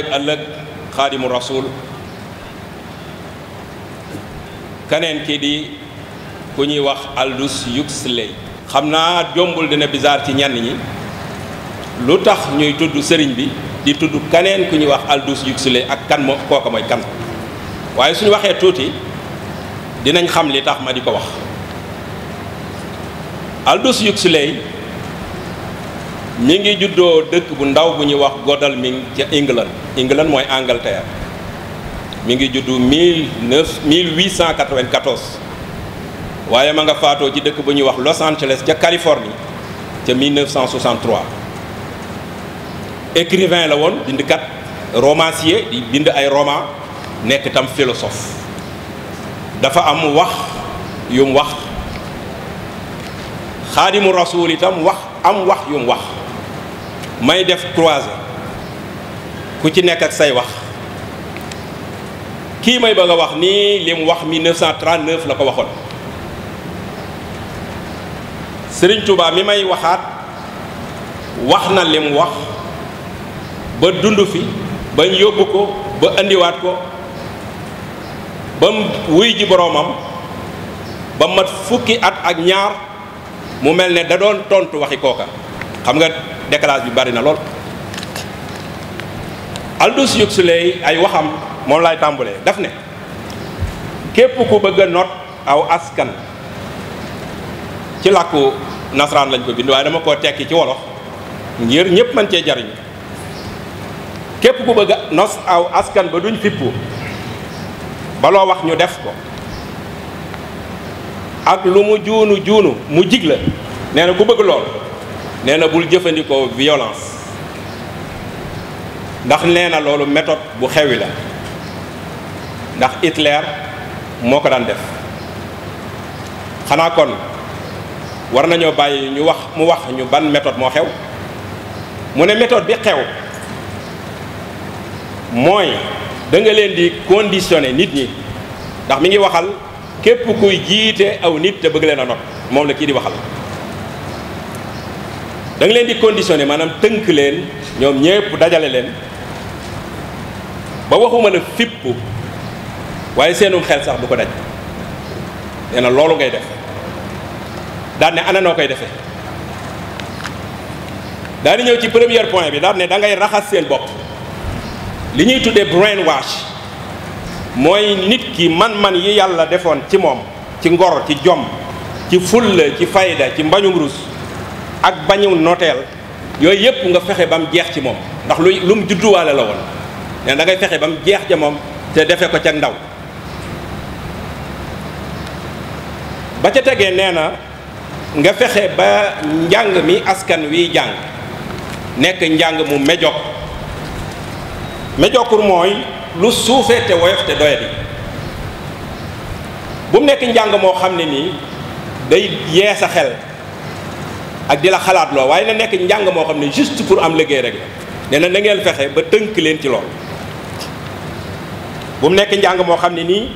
ak ëllëg xaadimu rasul keneen ki di ku ñuy wax Aldous Huxley xam naa jombul dina bizarre ci ñenn ñi lu tax ñuy tudd sëriñ bi di tudd keneen ku ñuy wax Aldous Huxley ak kan moo kooka mooy kan waaye suñu waxee tuuti dinañ xam li tax ma di ko wax Aldous Huxley mi ngi juddoo dëkk bu ndaw bu ñuy wax Godalming ca England England mooy Angleterre mi ngi juddu 1894 waaye ma nga faatoo ci dëkk bu ñuy wax Los Angeles ca Californie ca 1963 écrivain la woon bind bindkat romancier di bind ay roman nekk tam philosophe dafa am wax yum wax xaadimu rasuul itam wax am wax yum wax may def croisé ku ci nekk ak say wax kii may bëgg a wax nii li mu wax 1939 la ko waxoon Serigne Touba mi may waxaat wax na li wax ba dund fi ba yóbbu ko ba indiwaat ko ba mu wuy ji boroomam ba mat fukki at ak ñaar mu mel ne da doon tontu waxi kooka xam nga. décalage bi bari na lool Aldous Huxley ay waxam moom laay tàmbalee daf ne képp ku bëgg a not aw askan ci làkku nasaraan lañ ko bind waaye dama koo tekki ci wolo ngir ñëpp mën cee jariñ képp ku bëgg a nos aw askan ba duñ fippu ba loo wax ñu def ko ak lu mu juunu juunu mu jig la nee na ku bëgg lool nee na bul jëfandikoo violence ndax nee na loolu méthode bu xewi la ndax Hitler moo ko daan def xanaa kon war nañoo bàyyi ñu wax mu wax ñu ban méthode moo xew mu ne méthode bi xew mooy danga leen di conditionner nit ñi ndax mi ngi waxal képp kuy jiite aw nit te bëgg leen a not moom la kii di waxal da leen di conditionné maanaam tënk leen ñoom ñëpp dajale leen ba waxuma ne fipp waaye seenum xel sax du ko daj nee na loolu ngay def daan ne ana noo koy defee daal di ñëw ci première point bi daal ne da ngay raxas seen bopp li ñuy tuddee brain wash mooy nit ki man-man yi yàlla defoon ci moom ci ngor ci jomb ci fulla ci fayda ci mbañum rus ak bañu noteel yooyu yëpp nga fexe ba mu jeex ci moom ndax lu lu mu judduwaale la woon ne da fexe ba mu jeex ca moom te defe ko ca ndaw ba ca tegee nee na nga fexe ba njàng mi askan wi jàng nekk njàng mu méjok méjokur mooy lu suufee te woyof te doyadi bu mu nekk njàng moo xam ne nii day yee sa xel ak di la xalaat loo waaye na nekk njàng moo xam ne juste pour am liggéey rek la nee na na ngeen fexe ba tënk leen ci lool bu mu nekk njàng moo xam ne nii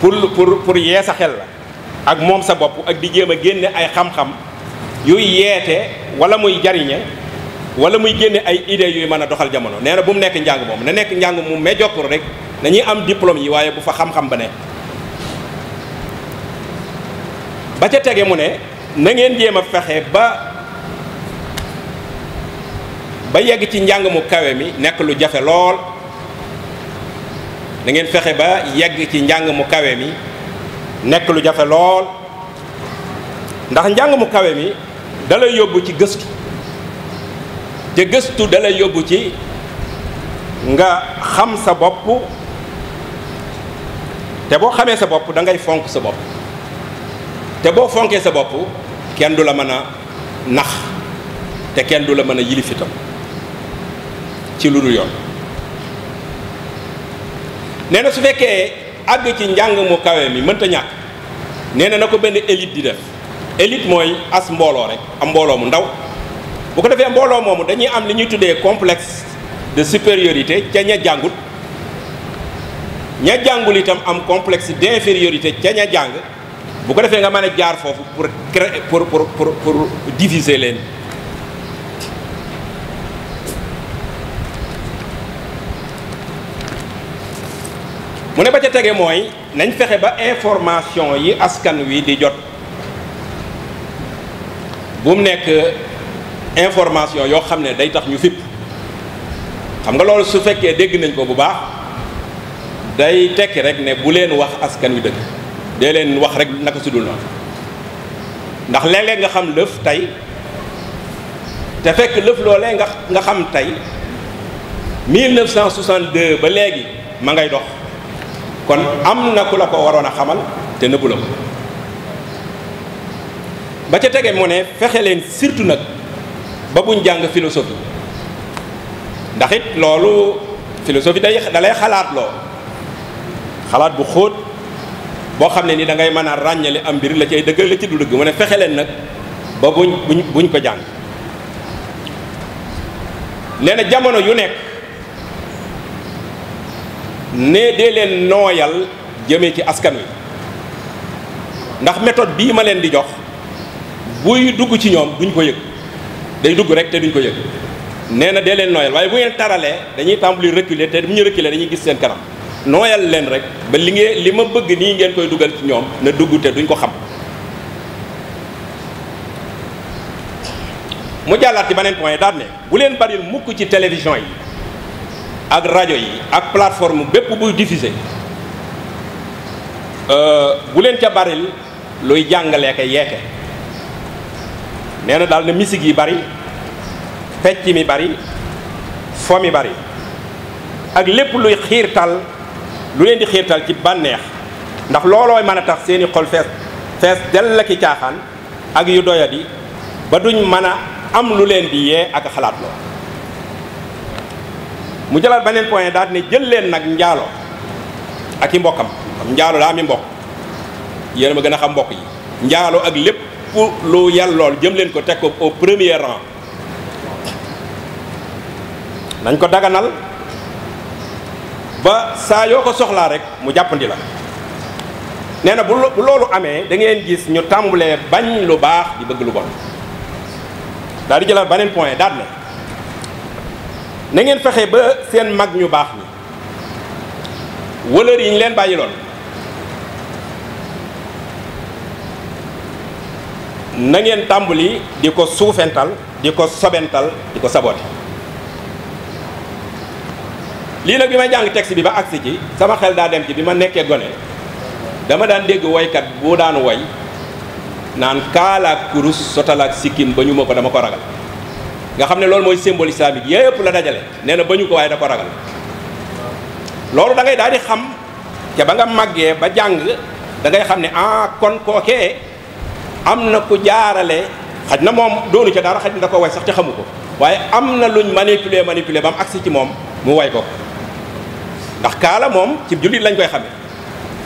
pour pour pour yee sa xel la ak moom sa bopp ak di jéem a génne ay xam-xam yeete wala muy jariñe wala muy génne ay idées yuy mën a doxal jamono nee na bu mu nekk njàng moom na nekk njàng mu médiocre rek nañuy am diplôme yi waaye bu fa xam-xam ba ne ba ca tege mu ne na ngeen jéem a fexe ba ba yegg ci njàng mu kawe mi nekk lu jafe lool na ngeen fexe ba yegg ci njàng mu kawe mi jafe lool ndax njàng mu kawe mi dalay yóbbu ci gëstu te gëstu dalay yóbbu ci nga xam sa bopp te boo xamee sa bopp dangay fonk sa bopp te boo fonkee sa bopp kenn du la mën a nax te kenn du la mën a yilif itam ci lu dul yoon nee na su fekkee àgg ci njàng mu kawe mi mënta ñàkk nee na na ko benn élite di def élite mooy as mbooloo rek a mbooloo mu ndaw bu ko defee mbooloo moomu dañuy am li ñuy tuddee complex de supériorité ca ña jàngut ña jàngul itam am complexe d'infériorité ca ña jàng bu ko defee nga mën a jaar foofu pour créer pour pour pour pour leen mu ne ba ca tege mooy nañ fexe ba information yi askan wi di jot bu mu nekk information yoo xam ne day tax ñu fit xam nga loolu su fekkee dégg nañ ko bu baax day tekki rek ne bu leen wax askan wi dëgg dee leen wax rek naka su dul noonu ndax léeg-léeg nga xam lëf tey te fekk lëf loole nga nga xam tey 1962 ba léegi ma ngay dox kon am na ku la ko waroon a xamal te nëbbu la ko ba ca tege mu ne fexe leen surtout nag ba buñ jàng philosophie ndax it loolu philosophie day dalay xalaat loo xalaat bu xóot boo xam ne ni da ngay mën a ràññale am mbir la cay dëgg la ci du dëgg mu ne fexe leen nag ba buñ buñ buñ ko jàng nee na jamono yu nekk ne dee leen nooyal jëmee ci askan wi ndax méthode bii ma leen di jox buy dugg ci ñoom duñ ko yëg day dugg rek te duñ ko yëg nee na dee leen nooyal waaye bu ngeen taralee dañuy tàmbali reculer te bu ñu reculer dañuy gis seen kanam nooyal leen rek ba li ngeen li ma bëgg nii ngeen koy dugal ci ñoom na dugg te duñ ko xam mu jàllaat ci beneen point daal ne bu leen bari mukk ci télévision yi ak rajo yi ak plateforme bépp buy diffusé euh, bu leen ca baril luy jàngalee ko yeeke nee na daal na misik yi bari pecc mi bari fo mi bari ak lépp luy xiirtal lu leen di xiirtal ci bànneex ndax loolooy mën a tax seeni xol fees fees dell la ki caaxaan ak yu doyadi ba duñ mën a am lu leen di yee ak xalaat loo mu jëlaat beneen point daal ne jël leen nag njaalo ak i mbokkam njaalo daa mi mbokk yéen ma gën a xam mbokk yi njaalo ak lépp lu yàllool jëm leen ko teg ko au premier rang nañ ko daganal ba saa yoo ko soxlaa rek mu jàppandi la nee na bu loolu amee da ngeen gis ñu tàmbulee bañ lu baax di bëgg lu bon daal di jëlaat beneen point daal ne na ngeen fexe ba seen mag ñu baax ñi wëlër yi ñu leen bàyyi loon na ngeen tàmbali di ko suufental di ko sobental di ko saboté lii nag bi ma jàng texte bi ba agsi ci sama xel daa dem ci bi ma nekkee gone dama daan dégg woykat bu daan woy naan kaalaak kurus sotalaak sikkim ba ñu ma ko dama ko ragal nga xam ne loolu mooy symbole islamique yëpp la dajale nee na ba ñu ko waaye da ko ragal loolu dangay ngay daal di xam te ba nga màggee ba jàng dangay xam ne ah kon kookee am na ku jaarale xaj na moom doonu ca dara xaj na da ko way sax te xamu ko waaye am na luñ manipule manipuler ba mu ci moom mu way ko ndax kaala moom ci jullit lañ koy xamee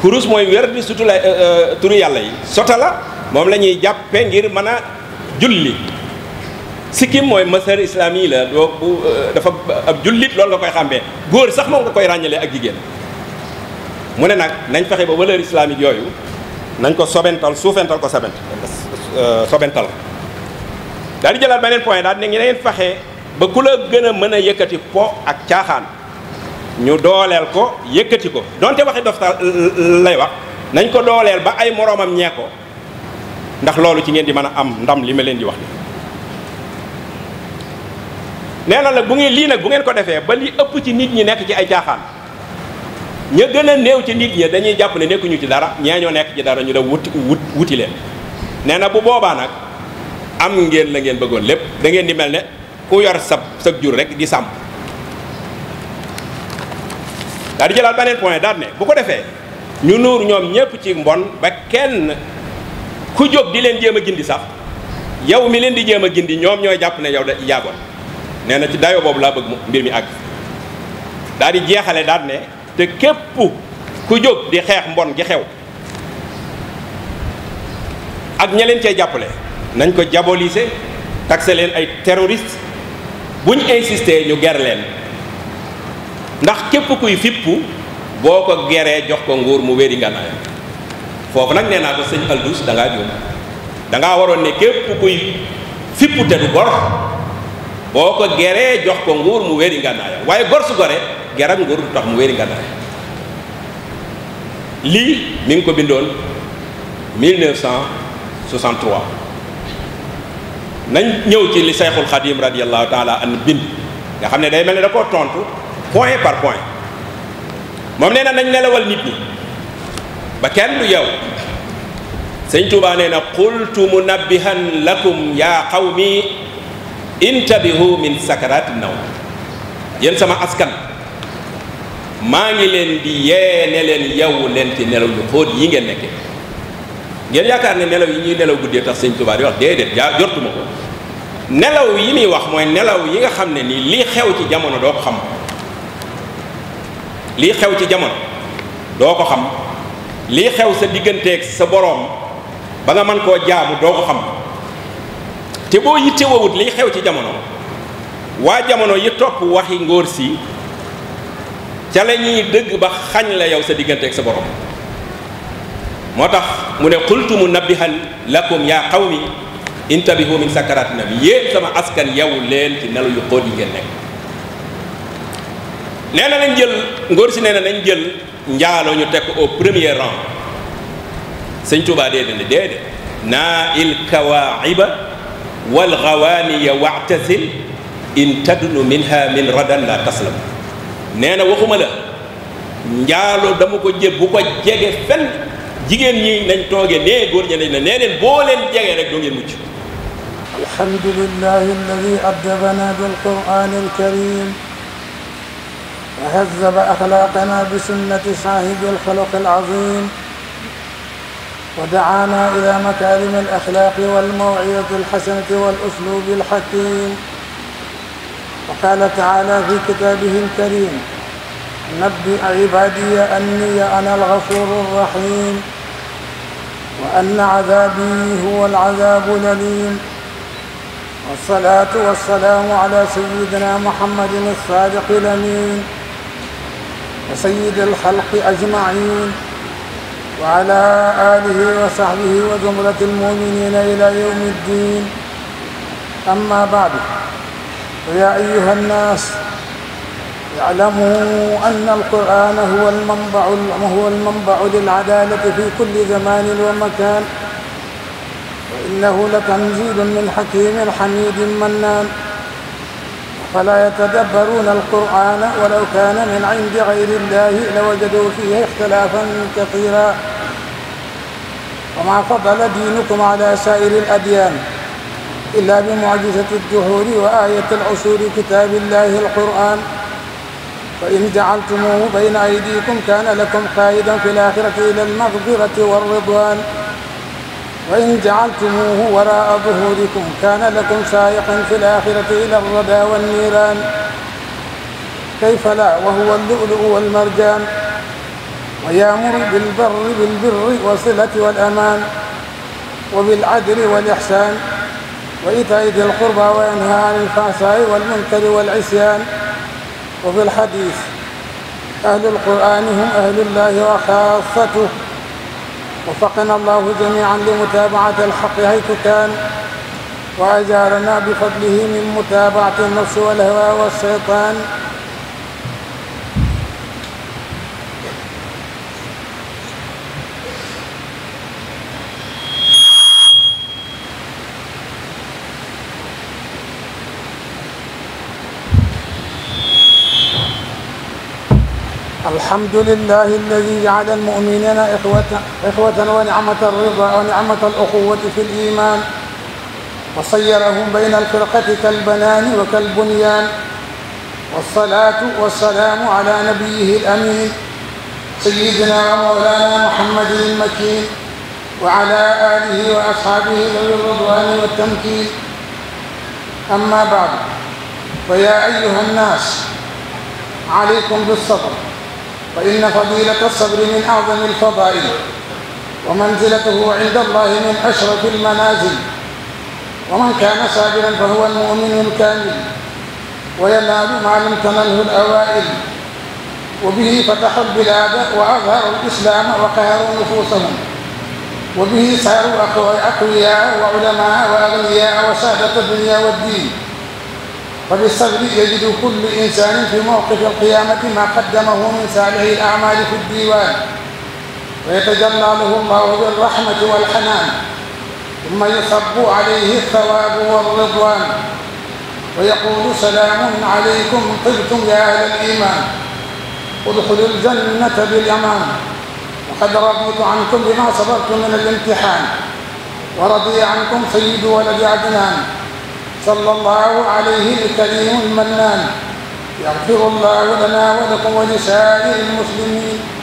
kurus mooy wér di sutu la euh, euh, turu yàlla yi sota la moom la ñuy jàppe ngir mën a julli sikkim mooy masar islaam yi la doo bu euh, dafa ab jullit loolu nga koy xàmbee góor sax moom nga koy ràññalee ak jigéen mu ne nag nañ fexe ba valeur islamique yooyu nañ ko sobental suufental ko sobent sobental daal di jëlaat beneen point daal di ne ngeen faxe ba ku la gën a mën a yëkkati po ak caaxaan ñu dooleel ko yëkkati ko donte waxi doftal lay wax nañ ko dooleel ba ay moroomam ñee ko ndax loolu ci ngeen di mën a am ndam li ma leen di wax ni nee na la bu ngeen lii nag bu ngeen ko defee ba li ëpp ci nit ñi nekk ci ay caaxaan ña gën a néew ci nit ñi dañuy jàpp ne nekkuñu ci dara ñee ñoo nekk ci dara ñu def wut wut wuti leen nee na bu boobaa nag am ngeen la ngeen bëggoon lépp da ngeen di mel ne ku yor sa sa jur rek di sàmm daal di jëlaat beneen point daal ne bu ko defee ñu nuur ñoom ñépp ci mbon ba kenn ku jóg di leen jéem a gindi sax yow mi leen di jéem a gindi ñoom ñooy jàpp ne yow da yaagoon nee na ci dayo boobu laa bëgg mbir mi àgg daal di jeexale daal ne te képp ku jóg di xeex mbon gi xew ak ña leen cee jàppale nañ ko diaboliser taxé leen ay terroristes buñ insister ñu ger leen ndax képp kuy fippu boo ko geree jox ko nguur mu wéri ngànnaayam foofu nag nee naa ko sëñ Aldous da ngaa juum waroon ne képp kuy fippu te du gor boo ko geree jox ko nguur mu wéri ngànnaayam waaye gor su gore ger ak nguur du tax mu wéri ngànnaayam lii mi ngi ko bindoon 1963 nañ ñëw ci li Sayxul Xadim radiyallahu taala an bind nga xam ne day mel ne da koo tontu. point par point moom nee na nañ nelawal nit ñi ba kenn du yow sëñ Tuubaa nee na qultu munabbihan lakum yaa qawmi intabihu min sakaraati naw yéen sama askan maa ngi leen di yee ne leen yow leen ci nelaw yu xóot yi ngeen nekke ngeen yaakaar ne nelaw yi ñuy nelaw guddee tax sëñ Tuubaa di wax déedéet jaa jortuma ko nelaw yi muy wax mooy nelaw yi nga xam ne nii lii xew ci jamono doo xam lii xew ci jamono doo ko xam lii xew sa digganteeg sa boroom ba nga mën koo jaamu doo ko xam te boo yittewawut lii xew ci jamono waa jamono yi topp waxi ngóor si ca la dëgg ba xañ la yow sa digganteek sa boroom moo tax mu ne xultu mu nabbihan lakum yaa xaw qawmi intabihu min sakaraati bi yéen sama askan yow leen ci nelaw yu xóot yi ngeen nekk nee na nañ si nee na njaaloo ñu teg ko au premier rang sëñ Tuubaa déedéet ne déedéet naa il kawaaxiba wal xawaaniya waxtasil in tadnu minha min radan la taslam nee na waxuma la njaaloo dama ko jël jege fenn jigéen ñi nañ tooge nee góor ñi nañ la nee jege rek doo ngeen mucc alhamdulillahi alladi addabana bilqurani alkarim وهذب أخلاقنا بسنة صاحب الخلق العظيم ودعانا إلى مكارم الأخلاق والموعظة الحسنة والأسلوب الحكيم وقال تعالى في كتابه الكريم نبئ عبادي أني أنا الغفور الرحيم وأن عذابي هو العذاب الأليم والصلاة والسلام على سيدنا محمد الصادق الأمين وسيد الخلق أجمعين وعلى آله وصحبه وجملة المؤمنين إلى يوم الدين أما بعد فيا أيها الناس اعلموا أن القرآن هو المنبع هو المنبع للعدالة في كل زمان ومكان وإنه لتنزيل من حكيم حميد منان ولا يتدبرون القرآن ولو كان من عند غير الله لوجدوا فيه اختلافا كثيرا وما فضل دينكم على سائر الأديان إلا بمعجزة الدهور وآية العصور كتاب الله القرآن فإن جعلتموه بين أيديكم كان لكم قائدا في الآخرة إلى المغفرة والرضوان وإن جعلتموه وراء ظهوركم كان لكم سائقا في الآخرة إلى الردى والنيران كيف لا وهو اللؤلؤ والمرجان ويامر بالبر بالبر والصلة والأمان وبالعدل والإحسان وإيتاء ذي القربى وينهى عن الفحشاء والمنكر والعصيان وفي الحديث أهل القرآن هم أهل الله وخاصته وفقنا الله جميعا لمتابعة الحق حيث كان وأجارنا بفضله من متابعة النفس والهوى والشيطان الحمد لله الذي جعل المؤمنين إخوة, إخوة ونعمة الرضا ونعمة الأخوة في الإيمان وصيرهم بين الفرقة كالبنان وكالبنيان والصلاة والسلام على نبيه الأمين سيدنا ومولانا محمد المكين وعلى آله وأصحابه ذوي الرضوان والتمكين أما بعد فيا أيها الناس عليكم بالصبر فإن فضيلة الصبر من أعظم الفضائل ومنزلته عند الله من أشرف المنازل ومن كان صابرا فهو المؤمن الكامل وينال ما لم تنله الأوائل وبه فتحوا البلاد وأظهروا الإسلام وقهروا نفوسهم وبه صاروا أقوياء وعلماء وأغنياء وسادة الدنيا والدين وبالصبر يجد كل إنسان في موقف القيامة ما قدمه من صالح الأعمال في الديوان ويتجلى له الله بالرحمة والحنان ثم يصب عليه الثواب والرضوان ويقول سلام عليكم طبتم يا أهل الإيمان ادخلوا الجنة بالأمان وقد رضيت عنكم بما صبرتم من الامتحان ورضي عنكم سيد ولد عدنان صلى الله عليه الكريم المنان يغفر الله لنا ولكم ولسائر المسلمين